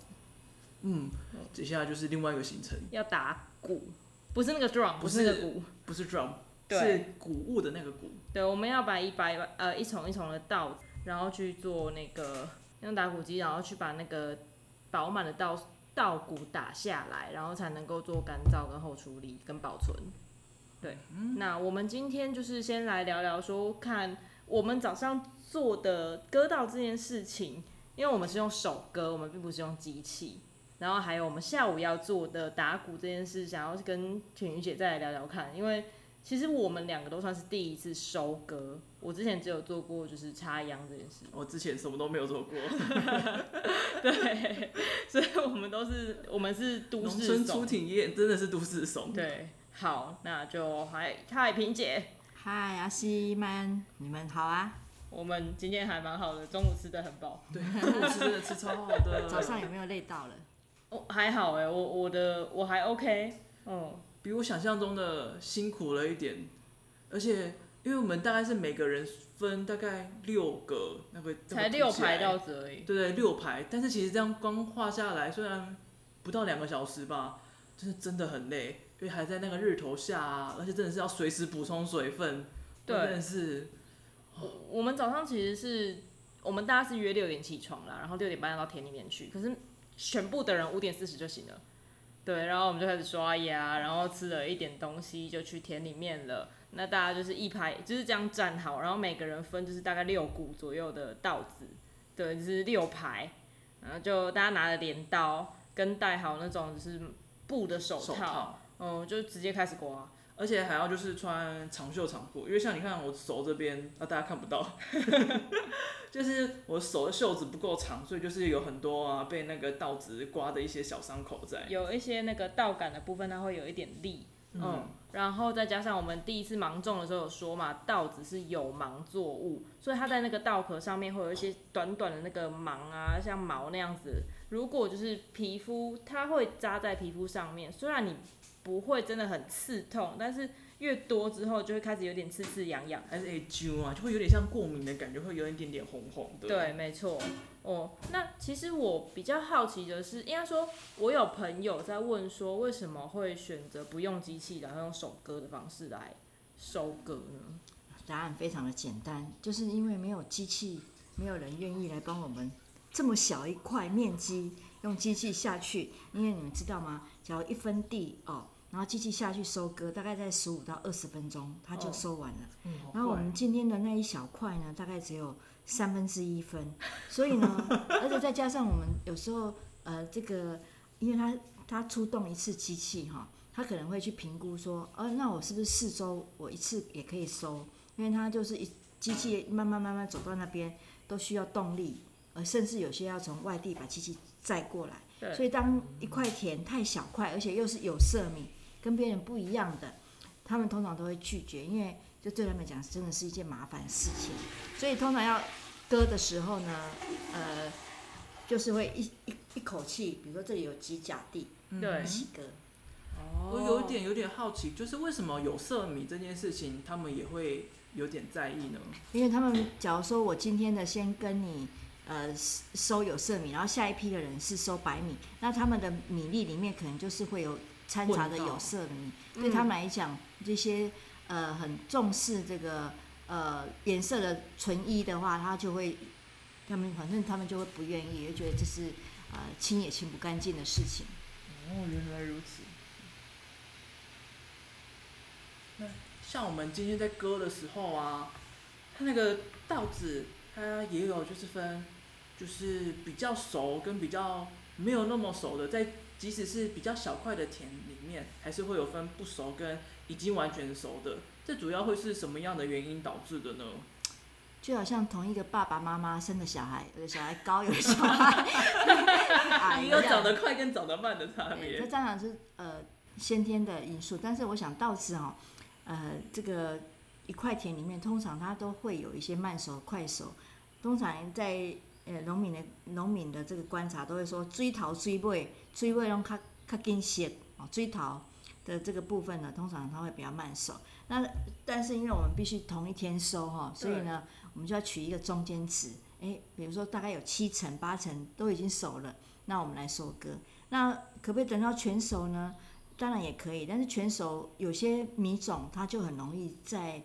Speaker 2: 嗯，
Speaker 1: 接下來就是另外一個行程，
Speaker 2: 嗯，要打谷，不是那個 drum，
Speaker 1: 不是那個鼓，不是，不是 drum，對，是谷物的那個谷。
Speaker 2: 對，我們要把一把一把呃一叢一叢的稻，然後去做那個用打谷機，然後去把那個。飽滿的稻稻谷打下來，然後才能夠做乾燥跟後處理跟保存。對，嗯、那我們今天就是先來聊聊說，看我們早上做的割稻這件事情，因為我們是用手割，我們並不是用機器。然後還有我們下午要做的打谷這件事，想要跟品妤姐再來聊聊看，因為。其實我們兩個都算是第一次收割，我之前只有做過就是插秧這件事。我
Speaker 1: 之前什麼都沒有做過。
Speaker 2: 對，所以我們都是我們是都市。農村初體驗，真的是都市慫。對，好，那就嗨，嗨，萍姐，嗨阿西們，你們好啊。我們今天還蠻好的，中
Speaker 3: 午吃的很飽。對， 中午吃的吃超好的。對早上有沒有累到
Speaker 1: 了？哦，還好哎，我我的我還 OK。哦。比我想象中的辛苦了一點，而且因為我們大概是每個人分大概六個那個、那個、才六排這樣子而已，對，對對，六排，但是其實這樣光畫下來，雖然不到兩個小時吧，就是真的很累，因為還在那個日頭下，啊，而且真的是要隨時補充水分，真的對是、哦我。我們早上其實是我們
Speaker 2: 大家是約六點起床啦，然後六點半要到田裡面去，可是全部的人五點四十就醒了。對，然後我們就開始刷牙，然後吃了一點東西，就去田裡面了。那大家就是一排，就是這樣站好，然後每個人分就是大概六股左右的稻子，對，就是六排，然後就大家拿了鐮刀，跟戴好那種
Speaker 1: 就是布的手套，手套，
Speaker 2: 嗯，就直接開始刮。
Speaker 1: 而且還要就是穿長袖長褲，因為像你看我手這邊啊，大家看不到，呵呵，就是我手的袖子不夠長，所以就是有很多啊被那個稻子刮的一些小傷口在。
Speaker 2: 有一些那個稻桿的部分，它會有一點利。嗯，
Speaker 1: 嗯，
Speaker 2: 然後再加上我們第一次芒種的時候有說嘛，稻子是有芒作物，所以它在那個稻殼上面會有一些短短的那個芒啊，像毛那樣子。如果就是皮膚，它會扎在皮膚上面，雖然你，不會真的很刺痛，但是越多之後就會開始有點刺刺癢癢，還是哎揪啊，就會有點像
Speaker 1: 過敏的感覺，會有一點點紅紅的。對，
Speaker 2: 沒錯。哦，那其實我比較好奇的是，應該說我有朋友在問說，為什麼會選擇不用機器，然後用手割的方式來
Speaker 3: 收割呢？答案非常的簡單，就是因為沒有機器，沒有人願意來幫我們這麼小一塊面積用機器下去，因為你們知道嗎？只要一分地哦。然後機器下去收割，大概在十五到二十分鐘，它就收完了。哦嗯啊、然後我們今天的那一小塊呢，大概只有三分之一分， 所以呢，而且再加上我們有時候，呃，這個，因為它它出動一次機器哈，它可能會去評估說，呃，那我是不是四周我一次也可以收？因為它就是一機器慢慢慢慢走到那邊都需要動力，呃，甚至有些要從外地把機器載過來。對所以當一塊田太小塊，而且又是有色米。跟別人不一樣的，他們通常都會拒絕，因為就對他們講，真的是一件麻煩事情。所以通常要割的時候呢，呃，就是會一一一口氣，比如說這裡有幾甲地，嗯，一起割。我有一點
Speaker 1: 有點好奇，就是為什麼有色米這件事情，他們也會有點在意呢？
Speaker 3: 因為他們假如說我今天的先跟你呃收有色米，然後下一批的人是收白米，那他們的米粒裡面可能就是會有。摻雜著有色的米，對他們來講，這些呃很重視這個呃顏色的純一的話，他就會他們反正他們就會不願意，也覺得這是啊、呃、清也清不乾淨的事情。哦、
Speaker 1: 嗯，原來如此。那像我們今天在割的時候啊，它那個稻子它也有就是分，就是比較熟跟比較沒有那麼熟的在。即使是比較小塊的田裡面，還是會有分不熟跟已經完全熟的。這主要會是什麼樣的原因導致的呢？
Speaker 3: 就好像同一個爸爸媽媽生的小孩，有的小孩高，有的小孩矮有、 啊、長得
Speaker 1: 快跟長得慢的差別。這
Speaker 3: 當然是呃先天的因素，但是我想倒是哦，呃，這個一塊田裡面通常它都會有一些慢熟、快熟，通常在。誒，農民的農民的這個觀察都會說，水頭水尾，水尾攏較緊熟哦，水頭的這個部分呢，通常它會比較慢熟。那但是因為我們必須同一天收哈，所以呢，對我們就要取一個中間值。誒，比如說大概有七成八成都已經熟了，那我們來收割。那可不可以等到全熟呢？當然也可以，但是全熟有些米種，它就很容易在，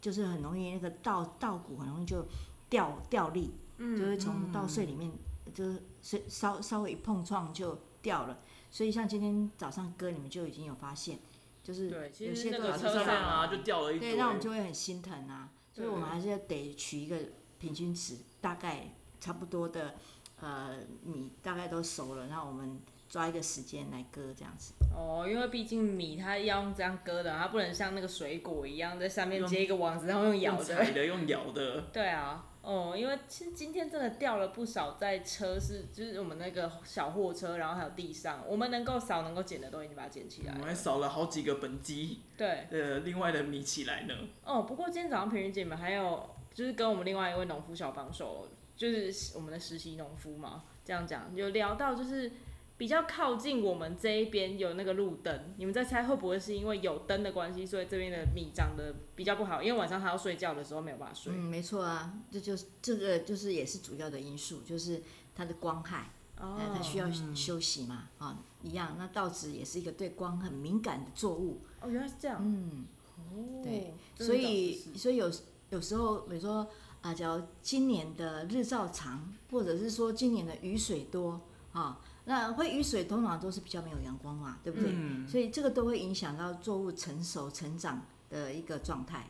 Speaker 3: 就是很容易那個稻稻穀很容易就掉掉粒。嗯、就會從稻穗裡面，嗯、就是稍稍微一碰撞就掉了，所以像今天早上割，你們就已經有發現，就是有些都折斷啊就掉了一點。對，那我們就會很心疼啊，對所以我們還是要得取一個平均值，對大概差不多的，呃，米大概都熟了，然後我們抓一個時間來割這樣子。
Speaker 2: 哦，因為畢竟米它要用這樣割的，它不能像那個水果一樣，在下面接一個網子，然後用咬的，用，用，的用
Speaker 1: 咬的。
Speaker 2: 對啊。哦，因為其實今天真的掉了不少，在車是就是我們那個小貨車，然後還有地上，我們能夠掃能夠撿的東西，你把它撿起來，我們
Speaker 1: 還掃了好幾個畚箕，對，呃，另外的米起來呢。
Speaker 2: 哦，不過今天早上品妤姐你們還有就是跟我們另外一位農夫小幫手，就是我們的實習農夫嘛，這樣講有聊到就是。比較靠近我們這一邊有那個路燈，你們在猜會不會是因為有燈的關係，所以這邊的米長得比較不好？因為晚上它要睡覺
Speaker 3: 的時候沒有辦法睡。嗯，沒錯啊，這就是、這個就是也是主要的因素，就是它的光害，哦、它需要休息嘛，啊、嗯哦、一樣。那稻子也是一個對光很敏感的作物。哦，原來是這樣。嗯，哦，對所，所以所以有有時候，比如說啊，假如今年的日照長，或者是說今年的雨水多啊。哦那會雨水通常都是比較沒有陽光嘛，對不對？嗯、所以這個都會影響到作物成熟、成長的一個狀態。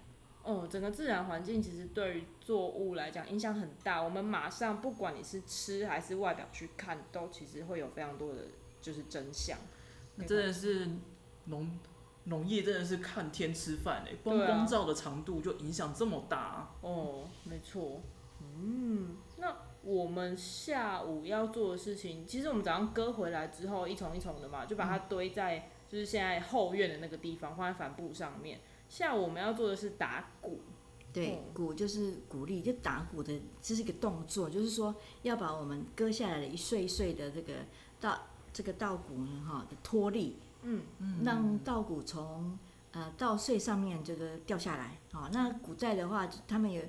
Speaker 2: 哦，整個自然環境其實對於作物來講影響很大。我們馬上不管你是吃還是外表去看，都其實會有非常多的就是真相。那真
Speaker 1: 的是，對吧？農農業真的是看天吃飯誒，光光照的長度就影響這麼大，
Speaker 2: 啊、哦，沒錯，嗯。我們下午要做的事情，其實我們早上割回來之後，一重一重的嘛，就把它堆在就是現在後院的那個地方，放在帆布上面。下午我們要做的是
Speaker 3: 打穀，對，嗯、穀就是穀粒就打穀的，這、就是一個動作，就是說要把我們割下來的一穗一穗的這個稻，這個稻谷呢，哈，脫粒，嗯嗯，嗯讓稻谷從呃稻穗上面這個掉下來。啊，那古代的話，他們也，誒、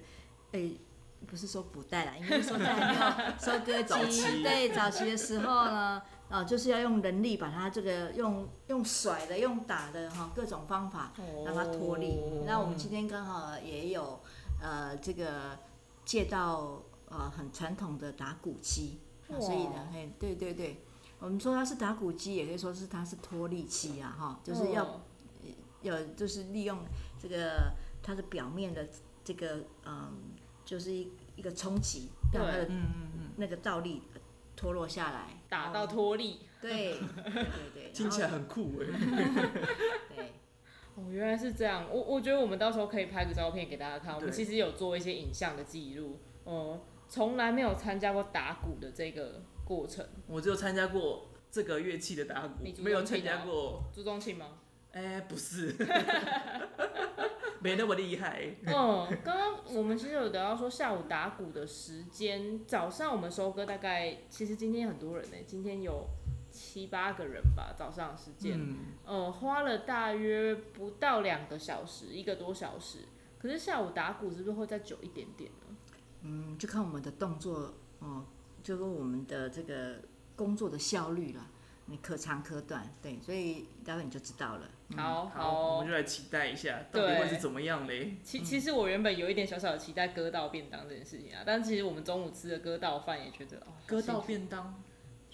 Speaker 3: 欸。不是說古代啦，應該是說在用收割機。 早期的對，早期的時候呢，哦，就是要用人力把它這個用用甩的、用打的哈、哦，各種方法讓它脫粒。哦、那我們今天剛好也有呃這個借到呃很傳統的打穀機，哦、所以呢，嘿，對對對，我們說它是打穀機，也可以說是它是脫粒器啊，哈、哦，就是要有、哦、就是利用這個它的表面的這個嗯。呃就是一一個衝擊，讓嗯、呃、嗯，嗯那個倒立脫落下來，打到脫力，哦對，對對
Speaker 1: 對，聽起來很酷 對，
Speaker 2: 哦原來是這樣，我我覺得我們到時候可以拍個照片給大家看，我們其實有做一些影像的記錄，哦、呃，從來沒有參加過打鼓的這個過程，
Speaker 1: 我只有參加過這個樂器的打鼓，你啊、沒有參加過朱宗慶嗎？哎、欸，不是， 沒那麼厲害。 嗯，剛
Speaker 2: 剛我們其實有聊到說，下午打鼓的時間，早上我們收割大概，其實今天很多人呢，今天有七八個人吧，早上的時間，嗯，嗯花了大約不到兩個小時，一個多小時。可是下午打鼓是不是會再久一點點呢？嗯，
Speaker 3: 就看我們的動作，哦、嗯，就跟我們的這個工作的效率了，你可長可短，對，所以待會你就知道了。
Speaker 1: 好好，嗯、好好我們就來期待一下，對到底會是怎麼樣
Speaker 2: 嘞？其其實我原本有一點小小的期待割稻便當這件事情啊，嗯、但是其實我們中午吃的割稻飯也覺得到哦，割稻便當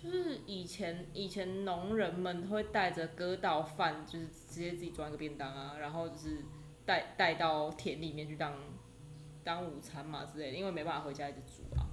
Speaker 2: 就是以前以前農人們會帶着割稻飯，嗯、就是直接自己裝一個便當啊，然後就是帶帶到田裡面去當當午餐嘛之類的，因為沒辦法回家一直煮啊。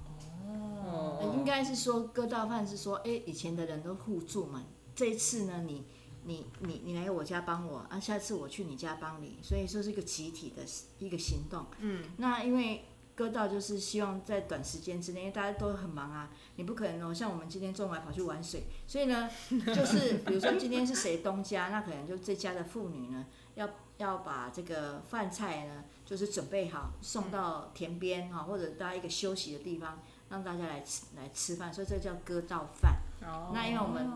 Speaker 3: 哦，哦應該是說割稻飯是說，哎、欸，以前的人都互助嘛，這一次呢，你。你你你來我家幫我啊，下次我去你家幫你，所以說是一個集體的一個行動。嗯，那因為割稻就是希望在短時間之內，因為大家都很忙啊，你不可能哦，像我們今天中午還跑去玩水，所以呢，就是比如說今天是誰東家， 那可能就這家的婦女呢，要要把這個飯菜呢，就是準備好送到田邊哈、哦，或者大家一個休息的地方，讓大家來吃來吃飯，所以這叫割稻飯。Oh, 那因為我們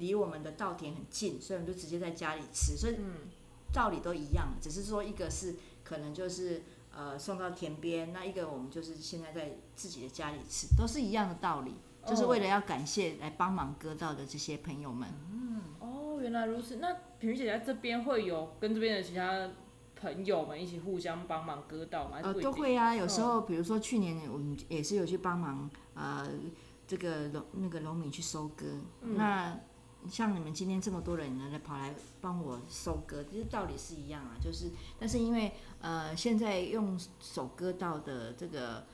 Speaker 3: 離我們的稻田很近，oh. 所以我們就直接在家裡吃。所以道理都一樣，只是說一個是可能就是呃送到田邊，那一個我們就是現在在自己的家裡吃，都是一樣的道理，就是為了要感謝來幫忙割稻的這些朋友們。哦，oh.
Speaker 2: oh, 原來如此。那品妤姐在這邊會有跟這邊的其他
Speaker 3: 朋友們一起互
Speaker 2: 相幫忙割稻嗎、呃？都會啊。有時候、oh.
Speaker 3: 比如說去年我們也是有去幫忙呃。這個農那個農民去收割，嗯、那像你們今天這麼多人呢，來跑來幫我收割，其實道理是一樣啊，就是，但是因為呃，現在用手割稻的這個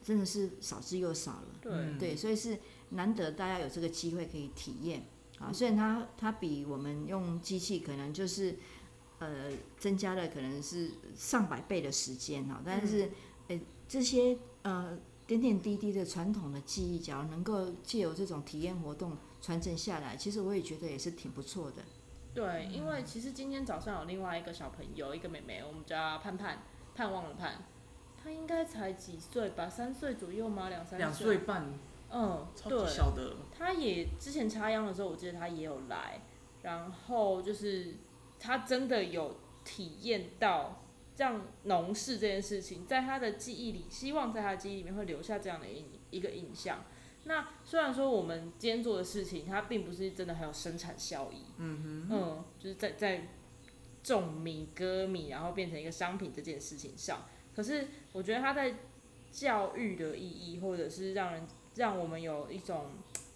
Speaker 3: 真的是少之又少了，對，對，所以是難得大家有這個機會可以體驗啊。雖然它它比我們用機器可能就是呃增加的可能是上百倍的時間啊，但是呃、嗯欸、這些呃。點點滴滴的傳統的記憶，只要能夠借由這種體驗活動傳承下來，其實我也覺得也是挺不錯的。
Speaker 2: 對，因為其實今天早上有另外一個小朋友，一個妹妹，我們叫盼盼，盼望了盼，她應該才幾歲吧？三歲左右嗎？兩三歲
Speaker 3: 半，嗯，
Speaker 1: 超級小的。對，
Speaker 2: 她也之前插秧的時候，我記得她也有來，然後就是她真的有體驗到。這樣農事這件事情，在他的記憶裡，希望在他的記憶裡面會留下這樣的一一個印象。那雖然說我們今天做的事情，它並不是真的很有生產效益，
Speaker 1: 嗯哼，哼，嗯，就
Speaker 2: 是在在種米割米，然後變成一個商品這件事情上，可是我覺得它在教育的意義，或者是讓人讓我們有一種。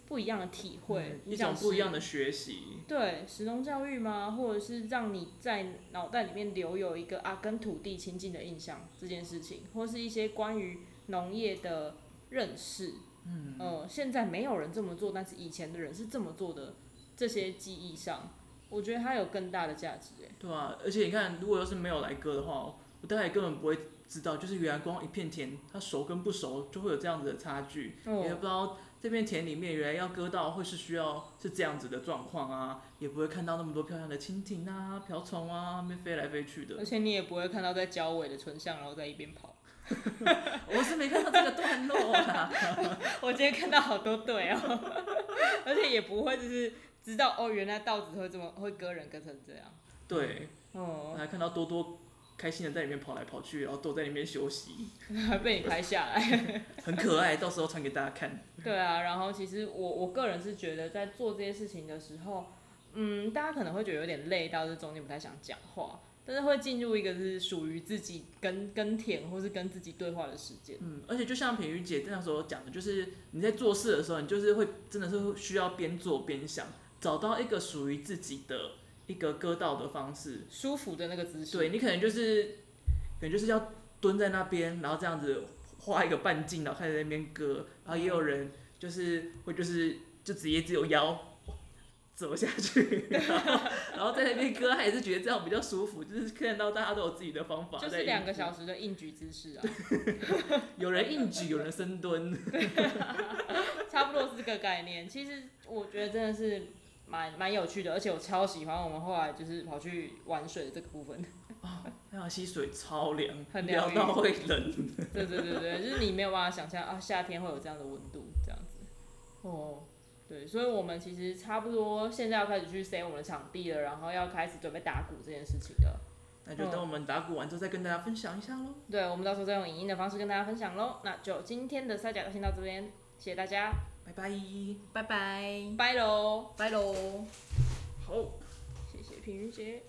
Speaker 2: 不一樣的體會，嗯、是一種不一樣的
Speaker 1: 學習。
Speaker 2: 對，食農教育嗎？或者是讓你在腦袋裡面留有一個啊，跟土地親近的印象這件事情，或是一些關於農業的認識。嗯，呃，現在沒有人這麼做，但是以前的人是這麼做的。這些記憶上，我覺得它有更大的價值。
Speaker 1: 對啊，而且你看，如果要是沒有來割的話，我大概根本不會知道，就是原來光一片田，它熟跟不熟就會有這樣子的差距，哦，也不知道。這片田裡面原來要割稻，會是需要是這樣子的狀況啊，也不會看到那麼多漂亮的蜻蜓啊、瓢蟲啊，那邊飛來飛去的。而且你也不會看到在交尾
Speaker 2: 的椿象，然後在一邊跑。 我是沒看到這個段落啊， 我今天看到好多對哦， 而且也不會就是知道哦，原來稻子會這麼會割，人割成這樣。
Speaker 1: 對，哦，還看到多多，開心的在裡面跑來跑去，然後躲在裡面休息，還
Speaker 2: 被你拍下來，
Speaker 1: 很可愛。 到時候傳給大家看。
Speaker 2: 對啊，然後其實我我個人是覺得，在做這些事情的時候，嗯，大家可能會覺得有點累，到這中間不太想講話，但是會進入一個就是屬於自己
Speaker 1: 跟跟田或是跟自己對話的時間。嗯，而且就像品妤姐那時候講的，就是你在做事的時候，你就是會真的是需要邊做邊想，找到一個屬於自己的。一個割稻的方式，舒服的那個姿勢。對你可能就是，可能就是要蹲在那邊，然後這樣子畫一個半徑，然後開始那邊割。然後也有人就是、嗯、會就是就直接只有腰走下去，然後，然後在那邊割，還是覺得這樣比較舒服。就是看到大家都有自己的方法。就是兩個小時的硬舉姿勢啊。 有人硬舉，有人深蹲。
Speaker 2: 差不多是這個概念。其實我覺得真的是。蠻蠻有趣的，而且我超
Speaker 1: 喜歡我們後來就是跑去玩水的這個部分。啊、哦，太陽溪水超涼， 很涼到會冷。對對對對， 就是你
Speaker 2: 沒有辦法想象啊，夏天會有這樣的溫度這樣子。哦，對，所以我們其實差不多現在要開始去塞我們的場地了，然後要開始準備打鼓這件事情了。那就等我們打鼓完之後再跟大家分享一下嘍、哦。對，我們到時候再用影音的方式跟大家分享嘍。那就今天的塞呷先到這邊，謝謝大家。拜拜，拜拜，拜嘍，拜嘍，好，謝謝品妤姐。